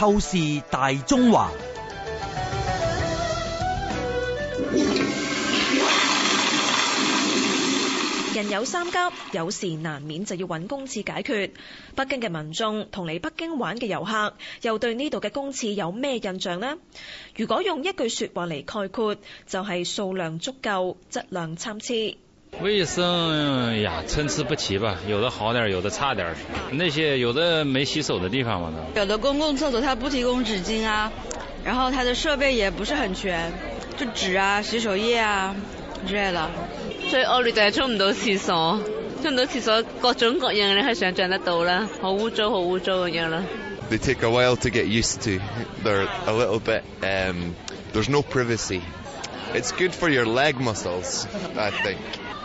透視大中華，人有三急，有時難免就要搵公廁解決。北京嘅民眾同嚟北京玩嘅遊客，又對呢度嘅公廁有咩印象呢？如果用一句說話嚟概括，就係、是、數量足夠，質量參差。衛生，哎呀，參差不齊吧，有的好點，有的差點。那些有的沒洗手的地方嘛，呢有的公共廁所它不提供紙巾啊，然後它的設備也不是很全，就紙啊、洗手液啊之類的。所以我哋就沖唔到廁所，沖唔到廁所，各種各樣你可以想象得到啦，好污糟，好污糟咁樣啦。They take a while to get used to. They're a little bit, um. There's no privacy. It's good for your leg muscles, I think.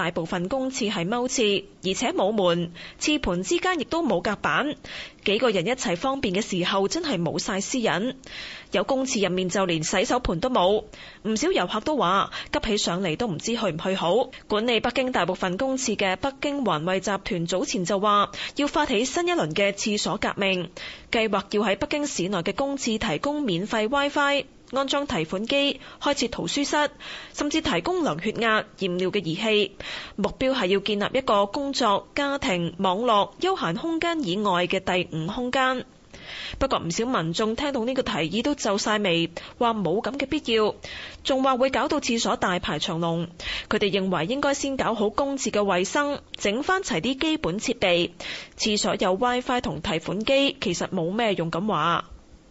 大部分公廁係踎廁，而且冇門，廁盤之間亦都冇隔板，幾個人一齊方便嘅時候真係冇晒私隱。有公廁入面就連洗手盆都冇，唔少遊客都話急起上嚟都唔知去唔去好。管理北京大部分公廁嘅北京環衛集團早前就話要發起新一輪嘅廁所革命，計劃要喺北京市內嘅公廁提供免費 WiFi。安裝提款機、開設圖書室，甚至提供量血壓、驗尿嘅儀器，目標係要建立一個工作、家庭、網絡、休閒空間以外嘅第五空間。不過唔少民眾聽到呢個提議都皺晒眉，話冇咁嘅必要，仲話會搞到廁所大排長龍。佢哋認為應該先搞好公廁嘅衛生，整翻齊啲基本設備。廁所有 WiFi 同提款機，其實冇咩用咁話。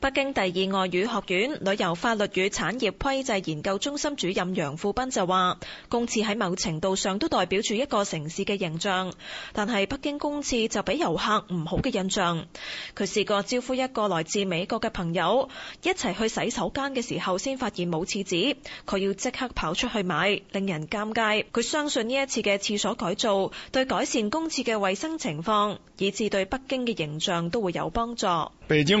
北京第二外語學院旅遊法律與產業規制研究中心主任楊富斌就話：公廁喺某程度上都代表住一個城市嘅形象，但係北京公廁就俾遊客唔好嘅印象。佢試過招呼一個來自美國嘅朋友一齊去洗手間嘅時候，先發現冇廁紙，佢要即刻跑出去買，令人尷尬。佢相信呢一次嘅廁所改造，對改善公廁嘅衛生情況，以至對北京嘅形象都會有幫助。北京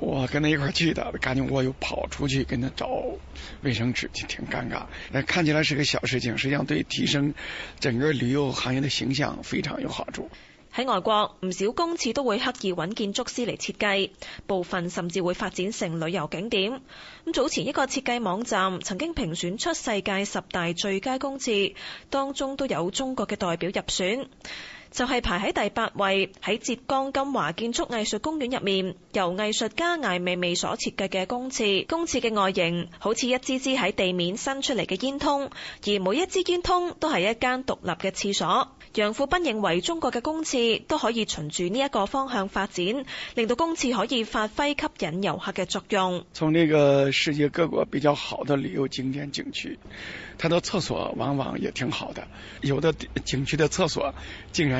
我跟他一塊去的，趕緊我又跑出去跟他找衛生紙去，挺尷尬。那看起來是個小事情，實際上對提升整個旅遊行業的形象非常有好處。喺外國，唔少公廁都會刻意揾建築師嚟設計，部分甚至會發展成旅遊景點。咁早前一個設計網站曾經評選出世界十大最佳公廁，當中都有中國嘅代表入選。就係排喺第八位，喺浙江金華建築藝術公園入面，由藝術家艾未未所設計嘅公廁。公廁嘅外形好似一支支喺地面伸出嚟嘅煙通，而每一支煙通都係一間獨立嘅廁所。楊富斌認為，中國嘅公廁都可以循住呢一個方向發展，令到公廁可以發揮吸引遊客嘅作用。從呢個世界各國比較好的旅遊景點景區，它的廁所往往也挺好的，有的景區的廁所竟然。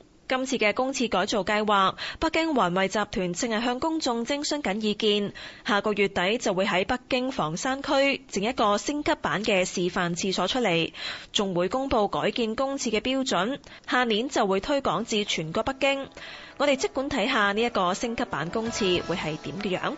今次嘅公廁改造計劃，北京環衛集團正係向公眾徵詢緊意見，下個月底就會喺北京房山區整一個升級版嘅示範廁所出嚟，仲會公布改建公廁嘅標準，下年就會推廣至全國北京。我哋即管睇下呢一個升級版公廁會係點嘅樣。